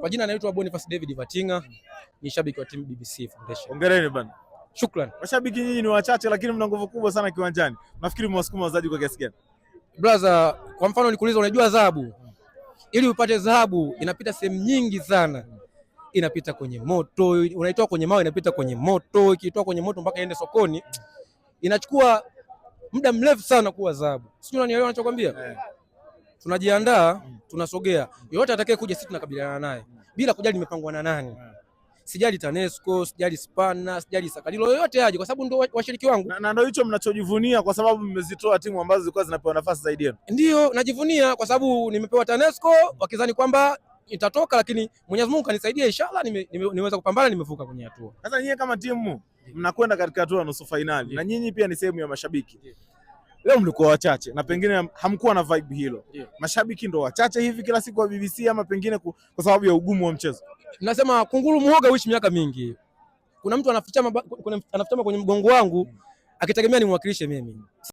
Kwa jina naitwa Boniface David Vatinga, ni shabiki wa timu BBC Foundation. Hongereni bana. Shukran. Washabiki nyinyi ni wachache lakini mna nguvu kubwa sana kiwanjani. Nafikiri mwasukuma wazaji kwa kiasi gani? Brother, kwa mfano nikuuliza, unajua dhahabu? Ili upate dhahabu inapita sehemu nyingi sana. Inapita kwenye moto, unaitoa kwenye mawe inapita kwenye moto, ikitoa kwenye moto mpaka iende sokoni. Inachukua muda mrefu sana kuwa dhahabu. Sijui unanielewa ninachokwambia? Yeah. Tunajiandaa mm tunasogea. Yoyote atakaye kuja sisi tunakabiliana naye bila kujali nimepangwa na nani. Sijali Tanesco, sijali Spana, sijali Sakalilo, yoyote aje kwa sababu ndio washiriki wangu. Na ndio hicho mnachojivunia kwa sababu mmezitoa timu ambazo zilikuwa zinapewa nafasi zaidi yenu. Ndio, najivunia kwa sababu nimepewa Tanesco wakizani kwamba itatoka lakini Mwenyezi Mungu kanisaidia inshallah, nime, nime, nimeweza kupambana, nimevuka kwenye hatua. Sasa nyinyi kama timu mnakwenda katika hatua nusu fainali, yeah. na nyinyi pia ni sehemu ya mashabiki yeah leo mlikuwa wachache na pengine hamkuwa na vibe hilo yeah. Mashabiki ndo wachache hivi kila siku wa BBC ama pengine kwa sababu ya ugumu wa mchezo. Nasema kunguru muoga uishi miaka mingi. Kuna mtu anafichama, anafichama kwenye mgongo wangu akitegemea nimwakilishe mimi.